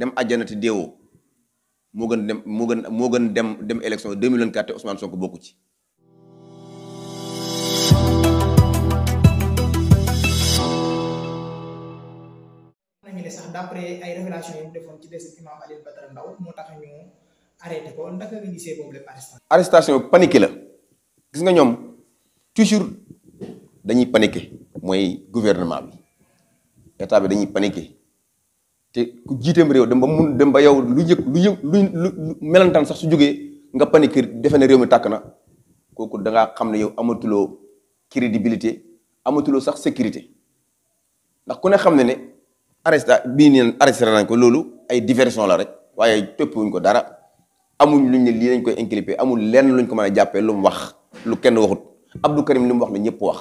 dem àjjana te deewoo moo gën dem moo gën moo gën dem dem élection 2024 te Ousmane Sonko bokku ci. nañu ne ci des imam la arrestation. arrestation la gis nga ñoom toujours dañuy paniqué mooy gouvernement bi état bi dañuy paniqué. te ku jiiteem réew dem ba mun dem ba yow lu yëg lu yëg lu melantaan sax su jógee nga paniquer defe ne réew mi tàkk na kooku dangaa xam ne yow amatuloo crédibilité amatuloo sax sécurité ndax ku ne xam ne ne arrêté bii nii arrêté nañ ko loolu ay diversion la rek waaye toppiwuñ ko dara amuñ luñ ne lii lañ koy inculpé amul lenn luñ ko mën a jàppee lu mu wax lu kenn waxut Abdou Karim li mu wax la ñëpp wax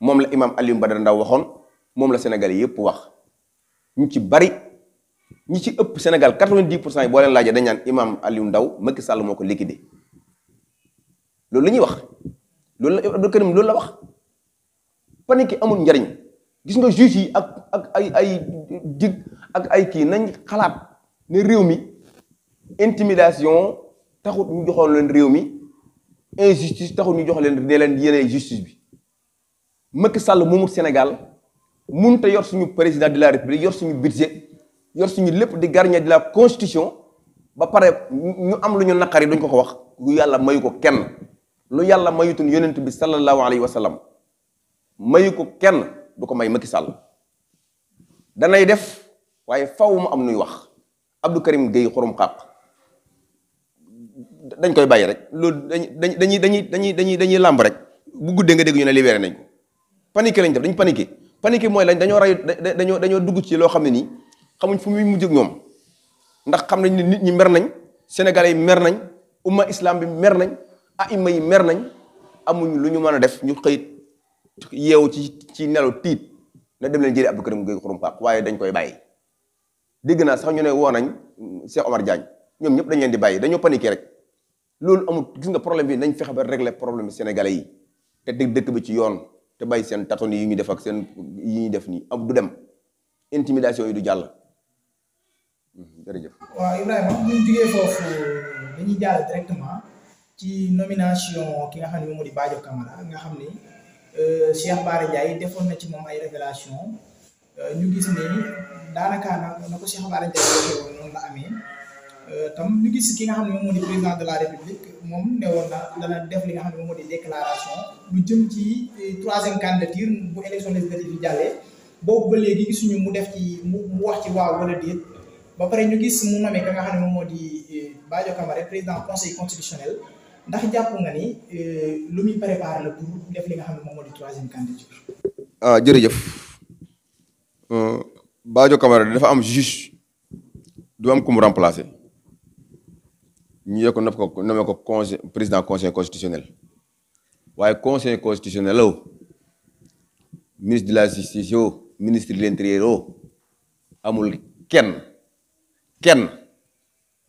moom la imam Alioune Badara Ndao waxoon moom la Sénégal yëpp wax. ñu ci bari ñi ci ëpp Sénégal 90 pour cent yi boo leen laajee dañ naan imam Aliou Ndao Macky Sall moo ko liquidé loolu la ñuy wax loolu la Abdou Karim loolu la wax panique amul njariñ gis nga juge yi ak ak ay ay dig ak ay kii nañ xalaat ni réew mi intimidation taxut ñu joxoon leen réew mi injustice taxut ñu jox leen ne leen yéene justice bi Macky Sall moomut Sénégal mënut a yor suñu président de la république yor suñu budget yor suñu lépp di gardien di la constitution ba pare ñu am lu ñu naqari duñ ko ko wax lu yàlla mayu ko kenn lu yàlla mayutoon yonent bi sallallahu alayhi wa sallam mayu ko kenn du ko may Macky sàll danay def waaye faw mu am nuy wax Abdou Karim Gueye xorom xàq dañ koy bàyyi rek loolu dañuy dañuy dañuy dañuy dañuy làmb rek bu guddee nga dégg ñu ne libéré nañ ko paniqué lañ def dañ paniqué panique mooy lañ dañoo ray dañoo dañoo dugg ci loo xam ne nii xamuñ fu muy mujj ak ñoom ndax xam nañ ne nit ñi mer nañ sénégalais yi mer nañ umma islam bi mer nañ aima yi mer nañ amuñ lu ñu mën a def ñu xëyit yeewu ci ci nelaw tiit na dem leen jëli Abdou Karim Gueye Xrum waaye dañ koy bàyyi dégg naa sax ñu ne woo nañ Cheikh Omar Diagne ñoom ñëpp dañ leen di bàyyi dañoo paniqué rek loolu amul gis nga problème bi nañ fexe ba régler problème bi sénégalais yi te dëkk bi ci yoon te bàyyi seen tatoni yi ñu defak seen yi ñuy def nii am du dem intimidation yi du jàll hmm, jërëjëf. waaw Ibrahima bu ñu jugee foofu dañuy jàll directement ci nomination ki nga xam ne moom di Badio Camara nga xam ni euh, Cheikh Bara Ndiaye defoon na ci moom ay révélation euh, ñu gis ne daanaka na ko Cheikh Bara Ndiaye waxee noonu la amee. Euh, tam ñu gis ki nga xam ne moom moo di président de la république moom ne woon na dana def li nga xam ne moom moo di déclaration lu jëm ci euh, troisième candidature bu élection législative yi jàllee boobu ba léegi gisuñu mu def ci mu wax ci waaw wala déet ba pare ñu gis mu nommé ka nga xam ne moom moo di euh, Badio Camara président conseil constitutionnel ndax jàpp nga ni lu muy préparé la pour def li nga xam ne moom moo di troisième candidature. ah jërëjëf Badio Camara dafa am juge du am ku mu ñu yokk nopp ko nommé ko conseil président conseil constitutionnel waaye conseil constitutionnel o ministre de la justice o ministre de l'intérieur o amul kenn kenn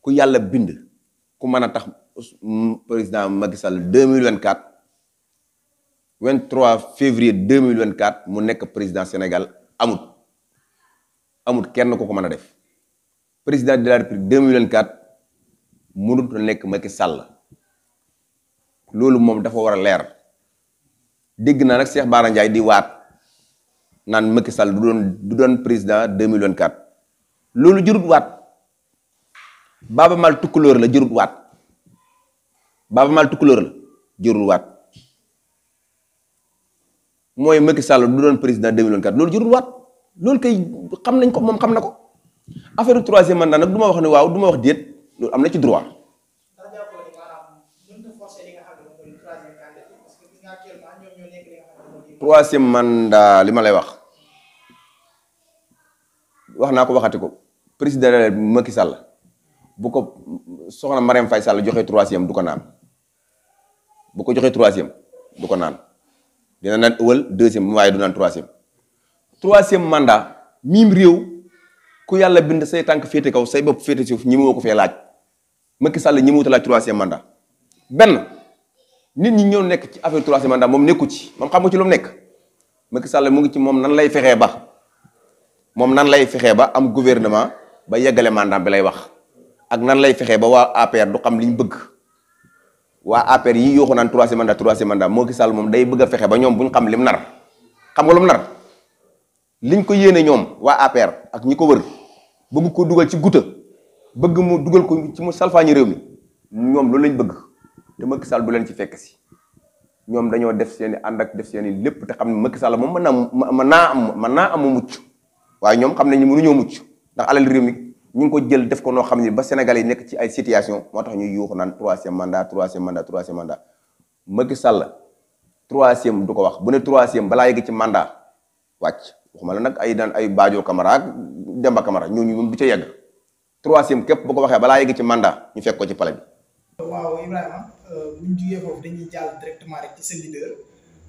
ku yàlla bind ku mën a tax président Macky Sall 2024 23 février 2024 mu nekk président Sénégal amut amut kenn ku ko mën a def président de la République 2024 mënut a nekk Macky Sall loolu moom dafa war a leer dégg naa rek Cheikh Bara Ndiaye di waat naan Macky Sall du doon du doon président 2024 loolu jurut waat Baaba Maal tukkulóor la jurut waat Baaba Maal tukkulóor la jurut Sall du doon président 2024 loolu jurut waat loolu kay xam nañ ko moom xam na ko affaire troisième mandat nag du ma wax ne waaw du ma wax déet. am na ci droit. troisième mandat li ma lay wax wax naa ko waxati ko président Macky sàll bu ko soxna Marème Faye Sall joxe troisième du ko naan bu ko joxee troisième du ko naan dina naan ëwal deuxième waaye du naan troisième troisième mandat miim réew ku yàlla bind say tànk féete kaw say bopp féete suuf ñi moo ko fee laaj Macky Sall ñi mu laaj troisième mandat benn nit ñi ñëw nekk ci affaire troisième manda moom nekku ci moom xam nga ci lu mu nekk Macky Sall mu ngi ci moom nan lay fexee ba moom nan lay fexee ba am gouvernement ba yeggale mandat bi lay wax ak nan lay fexee ba waa APR du xam li ñu bëgg waa APR yi yooxu naan troisième mandat troisième mandat Macky Sall moom day bëgg fexe ba ñoom bu ñu xam lim nar xam nga lu mu nar liñ ko yéene ñoom waa APR ak ñi ko wër bëgg ko dugal ci guta bëgg mu dugal ko ci mu salfaañi réew mi ñoom loolu lañ bëgg te Macky sal du leen ci fekk si ñoom dañoo def seen i ànd ak def seen i lépp te xam ne Macky Sall moom mën naa mën naa am mën naa amu mucc waaye ñoom xam nañu mënuñoo mucc ndax alal réew mi ñu ngi ko jël def ko noo xam ni ba Sénégal yi nekk ci ay situation moo tax ñuy yuuxu naan troisième mandat troisième mandat troisième mandat Macky Sall troisième du ko wax bu ne troisième balaa yegg ci mandat wa waxuma la nag ay daan ay Badio Camara ak Demba Camara ñooñu moom du ca yegg. troisième képp boo ko waxee balaa yegg ci mandat ñu fekk ko ci palais bi. waaw Ibrahima euh, bu ñu jugee foofu dañuy jàll directement rek ci sa leader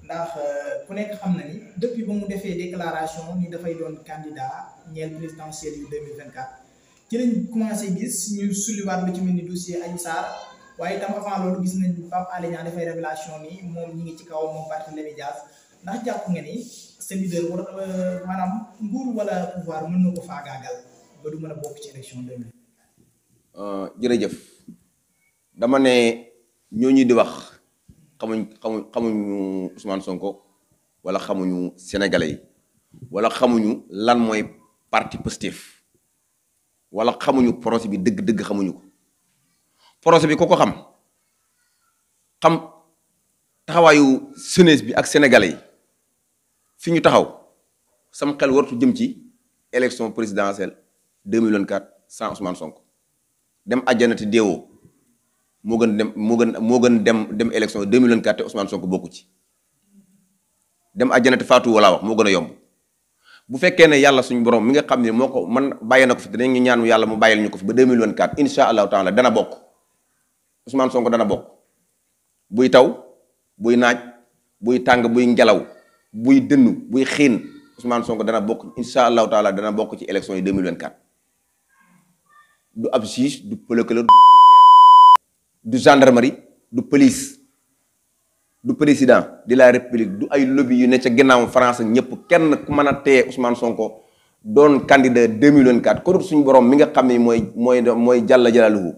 ndax euh, ku nekk xam na ni depuis ba mu defee déclaration ni dafay doon candidat ñeel présidentielle yu 2024 ci lañ commencé gis ñu sulliwaat lu ci mel ni dossier Adji Sarr waaye itam a loolu gis nañ Pape Alé Niang dafay révélation ni moom ñu ngi ci kaw moom Barthélémy Dias ndax jàpp nga ni sa leader euh, maanaam nguur wala pouvoir mën ba a bokk euh, jërëjëf dama ne ñoo ñooñu di wax xamuñ xamuñ xamuñu Ousmane Sonko wala xamuñu sénégalais yi wala xamuñu lan mooy parti Pastef wala xamuñu projet bi dëgg-dëgg xamuñu ko projet bi ku ko xam xam taxawaayu jeunesse bi ak sénégalais yi fi ñu taxaw sama xel wartu jëm ci élection présidentielle 2024 sans Ousmane Sonko dem àjjana te moo gën dem moo gën moo gën dem dem élection 2024 te Ousmane Sonko bokku ci dem àjjana te faatu wala wax moo gën a yomb bu fekkee ne yàlla suñu borom mi nga xam ne moo ko man bàyyi na ko fi danañ ñu ñaanu yàlla mu bàyyil ñu ko fi ba 2024 incha allahu taala dana bokk Ousmane sonk dana bokk buy taw buy naaj buy tàng buy ngelaw buy dënnu buy xiin Ousmane Sonko dana bokk incha allahu taala dana bokk ci élection yi 2024. du ab juge du procureur du du du police du président di la république du ay lobby yu ne ca ginnaaw France ñëpp kenn ku mën a téye Ousmane Sonko doon candidat 2024 kon suñu borom mi nga xam ne mooy mooy mooy jàll jalaluhu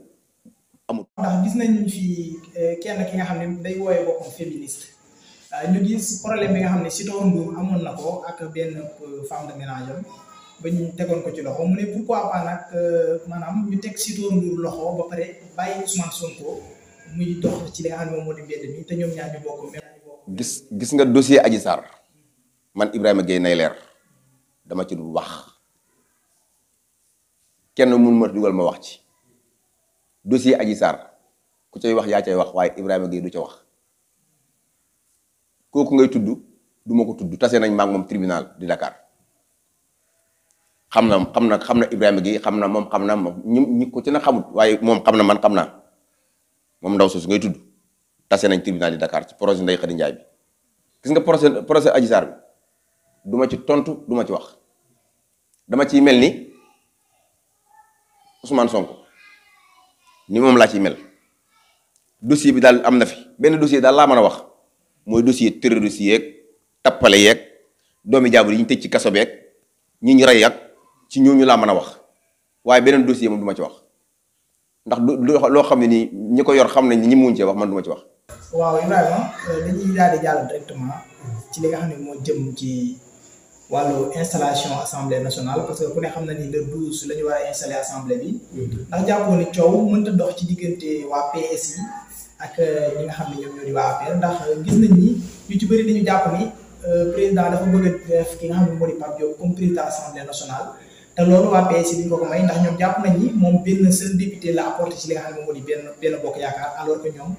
amul. ndax gis nañ fi eh, kenn ki nga xam ne day wooye boppam féministe ah, ñu gis problème bi nga xam ne Sitor Ndour amoon na ko ak benn euh, femme de ménage ba ñu tegoon ko ci loxo mu ne pourquoi pas nag euh, maanaam ñu teg Sitor Ndour loxo ba pare bàyyi Ousmane Sonko muy dox ci li nga moom di mbedd mi te ñoom ñaar ñu bokk même. gis gis nga dossier aji saar man Ibrahima Gueye nay leer dama ci dul wax kenn mun ma dugal ma wax ci dossier Adji Sarr ku cay wax yaa cay wax waaye Ibrahima Gueye du ca wax kooku ngay tudd duma ko tudd tase nañ maak moom tribunal di Dakar. xam na xam na xam na Ibrahima gi xam na moom xam na moom ñu ci na xamut waaye moom xam na man xam naa moom ndaw soosu ngay tudd tase nañ tribunal di Dakar ci projet Ndeye Khady Ndiaye bi gis nga procès procès Adji bi du ci tontu duma ci wax dama ciy mel ni Ousmane Sonko ni moom laa ciy mel dossier bi daal am na fi benn dossier daal laa mën a wax mooy dossier terroriste yeeg tappale yeeg doomi jaabur yi ñu teg ci kaso beeg ñi ñu rey ci ñooñu laa mën a wax waaye beneen dossier moom du ma ci wax ndax du loo xam ne nii ñi ko yor xam nañ ni ñi muñ cee man du ci wax. waaw Ibrahima euh, dañuy daal di ci li nga xam ne moo jëm ci wàllu installation assemblée nationale parce que ku ne xam na ni le douze la ñu war a installé assemblée bi. ndax jàppoo ni coow mënta dox ci diggante waa PS yi ak euh, ñi nga xam ne ñoom ñoo di waa APR ndax gis nañ ni ñu ci bëri ñu jàpp ni euh, président dafa bëgg a def ki nga xam ne moo di Pape Diop comme président assemblée nationale. te loolu waa PS bi ñu ko ko may ndax ñoom jàpp nañ moom benn seul député la apporté ci li nga xam ne benn bokk yaakaar alors que ñoom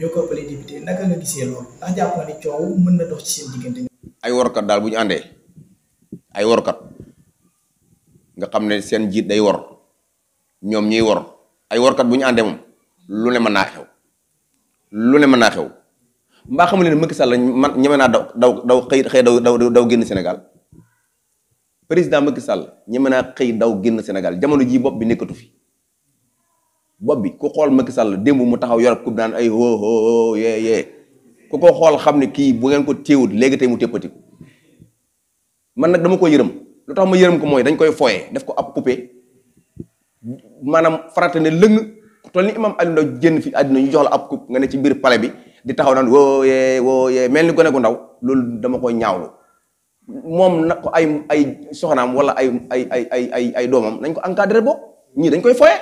ñoo ko ëppale député naka nga gisee loolu ndax jàpp na ni coow mën na dox ci seen daal bu àndee ay workat nga xam ne seen jiit day wor ñoom ñuy wor ay workat bu ñu àndee moom lu ne mën naa xew lu ne mën naa xew mbaa xamu ne Macky Sall man ñeme naa daw daw daw xëy xëy daw daw génn Sénégal. président Macky Sall ñeme naa xëy ndaw génn Sénégal jamono jii bopp bi nekkatu fi bopp bi ku xool Macky Sall démb mu taxaw yorop ku daan ay hoo ko xool xam ne kii bu ngeen ko téewut léegi tey mu téppatiku man nag dama ko yërëm lu tax ma yërëm ko mooy dañ koy foyee def ko ab poupée maanaam farata ne lëng toll ni imam Alioune Ndao jënn fi àddina ñu jox ab coupe nga ne ci biir palais bi di taxaw naan woo yee woo yee mel ni gone gu ndaw loolu dama koy ñaawlu moom nag ko ay ay soxnaam wala ay ay ay ay ay ay doomam nañ ko encadré bokk ñii dañ koy foye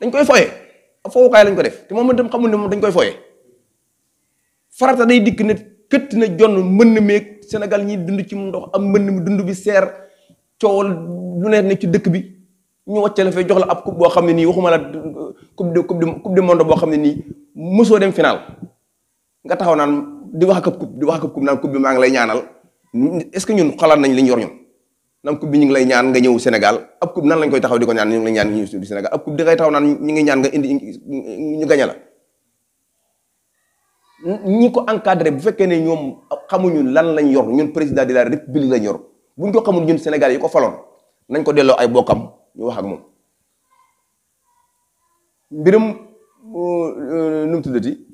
dañ koy foye fowukaay lañ ko def te moom itam xamul ne moom dañ koy foye farata day dikk ne këtt na jonn mën na meeg Sénégal ñi dund ci ndox am mën mu dund bi seer coowal lu ne ne ci dëkk bi ñu wàcce la fee jox la ab coupe boo xam ne nii waxuma la uh, coupe de coupe du monde boo xam ne nii mosoo dem final nga taxaw naan di wax ak coupe di wax ak coupe naan coupe bi maa ngi lay ñaanal. est-ce que ñun xalaat nañ li ñu yor ñun nam coupe bi ñu ngi lay ñaan nga ñëw Sénégal ab coupe nan lañ koy taxaw di ko ñaan ñu ngi lay ñaan ñu di ñu ngi ñaan nga indi ñu gañe la ñi ko encadré bu fekkee ne ñoom xamuñu lan lañ yor ñun président de la république lañ yor buñ ko xamul ñun Sénégal yi ko faloon nañ ko delloo ay bokkam ñu wax ak moom mbirum euh, euh, nu mu tuddati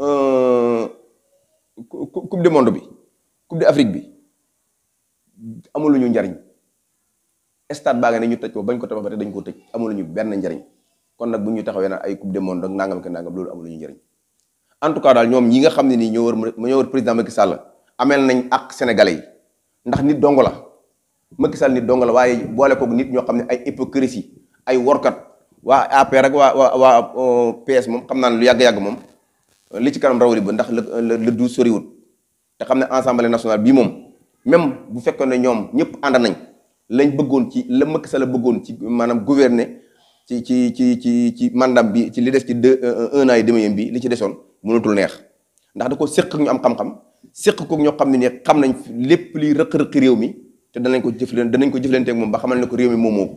euh, coupe du monde bi coupe afrique bi amuluñu njariñ stade baa nga ne ñu tëj ko bañ ko tabax ba te dañ koo tëj ñu benn njariñ kon nag bu ñu taxawee naan ay coupe du monde ak nangam ke nangam loolu amuluñu njariñ en tout cas daal ñoom ñi nga ne nii ñoo wër ñoo wër président Macky Sall ameel nañ ak sénégalais yi ndax nit dong la Macky Sall nit dong la waaye boole koog nit ñoo xam ne ay hypocrisie ay workat waa APR ak waa waa waa euh, moom xam naa ne lu yàgg-yàgg moom li ci kanam rawali ba ndax le le douze te xam ne assemblée nationale bii moom même bu fekkoon ne ñoom ñëpp ànd nañ lañ bëggoon ci la Macky Sall la bëggoon ci maanaam gouverner ci ci ci ci ci mandat bi ci li des ci deux euh, un an demi bi li ci desoon mënatul neex ndax da ko séq ñu am xam-xam séq ñoo xam ne ne xam nañ lépp liy rëq réew mi te danañ ko jëfleen danañ ko jëflanteeg moom ba xamal ne ko réew mi moom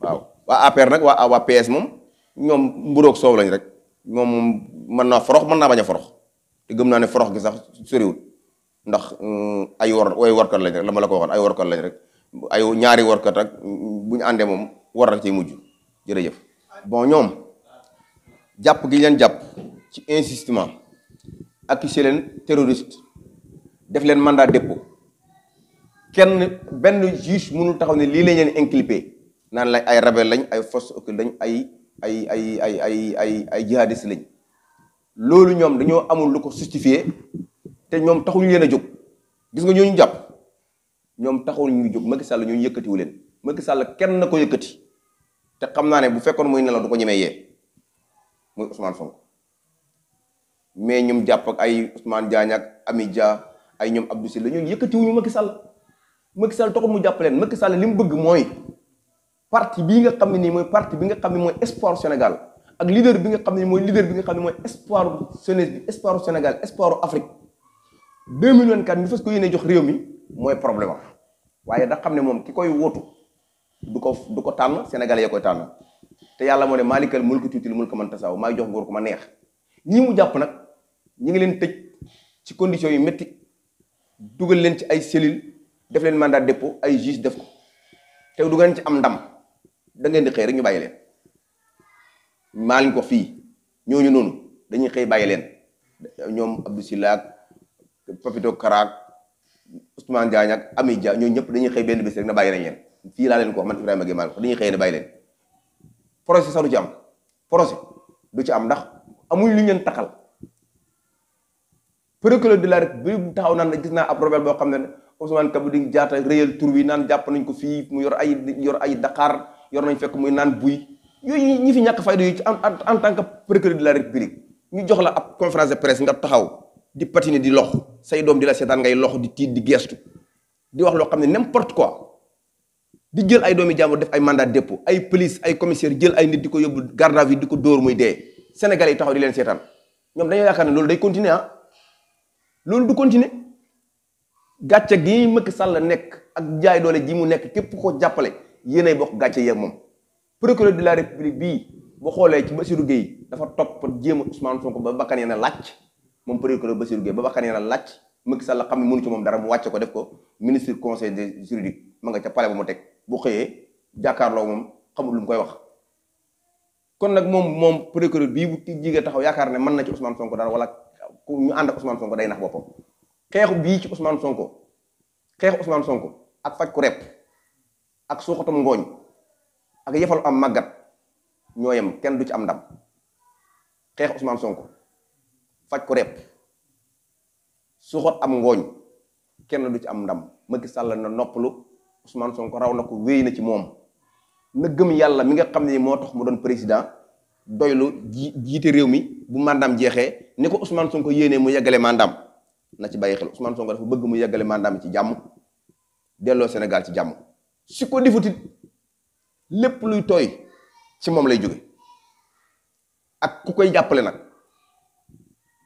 waaw waa APR nag waa waa PS moom ñoom mburoog soow lañ rek moom mën naa forox mën naa bañ a forox te gëm naa ne forox gi sax soriwut ndax mm, ay war way warkat lañ rek la ma ko waxoon ay warkat lañ rek ay ñaari warkat rek mm, bu ñu àndee moom war rek ciy mujj jërëjëf. bon ñoom jàpp gi leen jàpp ci insistement accusé leen terroriste def leen mandat dépôt kenn benn juge mënul taxaw ne lii lañ leen inculpé naan lañ ay rebelle lañ ay force occulte lañ ay ay ay ay ay ay ay jihadiste lañ. loolu ñoom dañoo amul lu ko justifié te ñoom taxul leen a jóg gis nga ñooñu jàpp ñoom taxul ñu jóg Macky Sall ñooñu yëkkatiwu leen Macky Sall kenn na ko yëkkati te xam naa ne bu fekkoon muy nelaw du ko ñemee yee muy mais ñoom jàpp ay Ousmane Diagne ak Ami ay ñoom Abdou Sylla ñooñu yëkkatiwuñu Macky Sall Macky Sall taxul mu jàpp leen Macky Sall li mu bëgg mooy parti bii nga xam ne nii mooy parti bi nga xam ne mooy espoir Sénégal ak leader bi nga xam ne mooy leader bi nga xam ne mooy espoir jeunesse bi espoir Sénégal espoir Afrique 2024 ñu fas ko yéene jox réew mi mooy problème waaye dax xam ne moom ki koy wóotu du ko du ko tànn Sénégal ya koy tànn te yàlla moo ne maalikal mulki tuutil mulka man tasaaw maay jox nguur ko ma neex ñi mu jàpp nag ñi ngi leen tëj ci conditions yi métti dugal leen ci ay cellule def leen man mandat depo ay juge def ko te du ngeen ci am ndam da ngeen di xëy rek ñu bàyyi leen. maa leen ko fii ñooñu noonu dañuy xëy bàyyi leen ñoom Abdou Sylla ak Papito Karaak Ousmane Diagne ak Ami Dia ñooñu ñëpp dañuy xëy benn bés rek na bàyyi nañ leen fii laa leen ko wax man Ibrahima Gueye maa leen ko dañuy xëy na bàyyi leen procès sax ci am procès du ci am ndax amuñ lu ñu leen taxal procureur de la République bi taxaw naan gis naa ab boo xam ne Ousmane Kabudi Diatta réyal tur wi naan jàpp nañ ko fii mu yor ay yor ay Dakar yor nañ fekk muy naan buy yooyu ñi fi ñàkk fayda yu en en tant que procureur de la république ñu jox la ab conférence de presse nga taxaw di patiner di lox say doom di la seetaan ngay lox di tiit di gestu di wax loo xam ne n'importe quoi di jël ay doomi jàmbur def ay mandat dépôt ay police ay commissaire jël ay nit di ko yóbbu garde à vue di ko dóor muy dee Sénégalais yi taxaw di leen seetaan ñoom dañoo yaakaar ne loolu day continuer ah. loolu du continuer gàcce gi Macky Sall nekk ak jaay doole ji mu nekk képp koo jàppale yéenay bokk gàcce yeeg moom. procureur de la république bii bu xoolee ci Bassirou Gueye dafa topp jéema a Ousmane Sonko ba bakkan yéen a làcc moom procureur Bassirou Gueye ba bakkan yéen a làcc Macky Sall xam ne mënu ci moom dara mu wàcce ko def ko ministre conseil de juridique ma nga ca palais ba mu teg bu xëyee jàkkaarloo moom xamul lu mu koy wax kon nag moom moom procureur bii bu jigéen taxaw yaakaar ne mën na ci Ousmane Sonko dara wala ñu ànd ak Ousmane Sonko day nax boppam xeexu bii ci Ousmane Sonko xeexu Ousmane Sonko ak faj ku rep ak suuxatum ngooñ ak yëfalu am ñoo ñooyam kenn du ci am ndam xeex Ousmane Sonko faj ko repp suxot am ngooñ kenn du ci am ndam Macky Sall na noppalu Ousmane Sonko raw na ko wéy na ci moom na gëm yàlla mi nga xam ne moo tax mu doon président doylu ji jiite réew mi bu mandam jeexee ni ko Ousmane Sonko yéenee mu yeggale mandaam na ci bàyyi xel Ousmane Sonko dafa bëgg mu yeggale mandaam ci jàmm delloo Sénégal ci jàmm su ko difutit lépp luy tooy ci moom lay jóge ak ku koy jàppale nag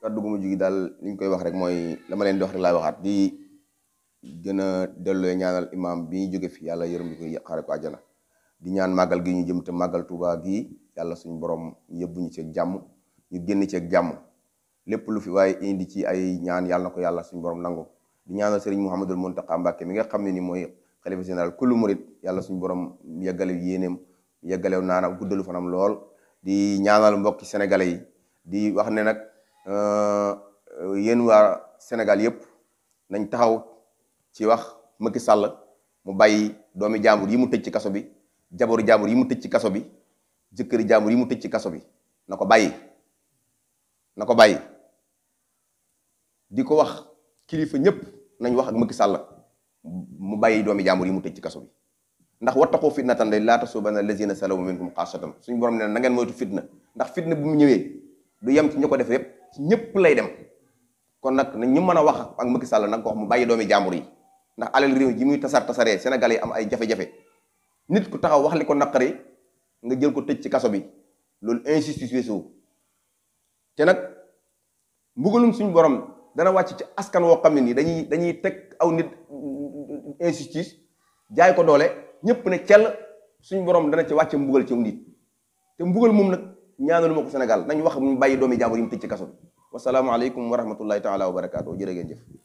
a gu mujj gi daal li ñu koy wax rek mooy la ma leen di wax rek laay waxaat di gën a delloo ñaanal imaam bi ñu jóge fi yàlla yërëm ñu ko ko àjjana di ñaan gi ñu jëm te màggal Tuuba yàlla suñu borom yóbbu ñu ceeg jàmm ñu génn ceeg jàmm lépp lu fi waaye indi ci ay ñaan yàlla na ko yàlla suñu borom nangu di ñaanal Serigne Mouhamadul Mountakha Mbacké mi nga xam ne ni mooy xalifa général kullu murit yàlla suñ borom yeggalew yéeneem yeggalew naana guddalu fanam lool di ñaanal mbokki sénégalais yi di wax ne nag euh, yéen waa Sénégal yëpp nañ taxaw ci wax Macky sàll mu bàyyi doomi jàmbur yi mu tëj ci kaso bi jaboru jàmbur yi mu tëj ci kaso bi jëkkëri jàmbur yi mu tëj ci kaso bi na ko bàyyi na ko bàyyi di ko wax kilifa ñëpp nañ wax ak Macky Sall mu bàyyi doomi jaambur yi mu tëj ci kaso bi ndax wattaqu fitnatan laa tasuubanna lazina salamu minkum xaasatan suñu borom ne na ngeen moytu fitna ndax fitna bu mu ñëwee du yem ci ñu ko def yépp ci ñëpp lay dem kon nag na ñu mën a wax ak Macky Sall nag mu bàyyi doomi jaambur yi ndax alal réew ji muy tasar tasaree senegal yi am ay jafe-jafe nit ku taxaw wax li ko naqari nga jël ko tëj ci kaso bi loolu injustice weesu te nag mbugalum suñu borom dana wàcc ci askan woo xam ne nii dañuy dañuy teg aw nit injustice jaay ko doole ñëpp ne cell suñu borom dana ci wàcce mbugal ci nit te mbugal moom nag ñaanalu ma ko Sénégal nañ wax mu bàyyi doomi jàmbur yi mu tëj ci kaso bi wasalaamualeykum wa rahmatullahi taala wa barakaatu jërë ngeen jëf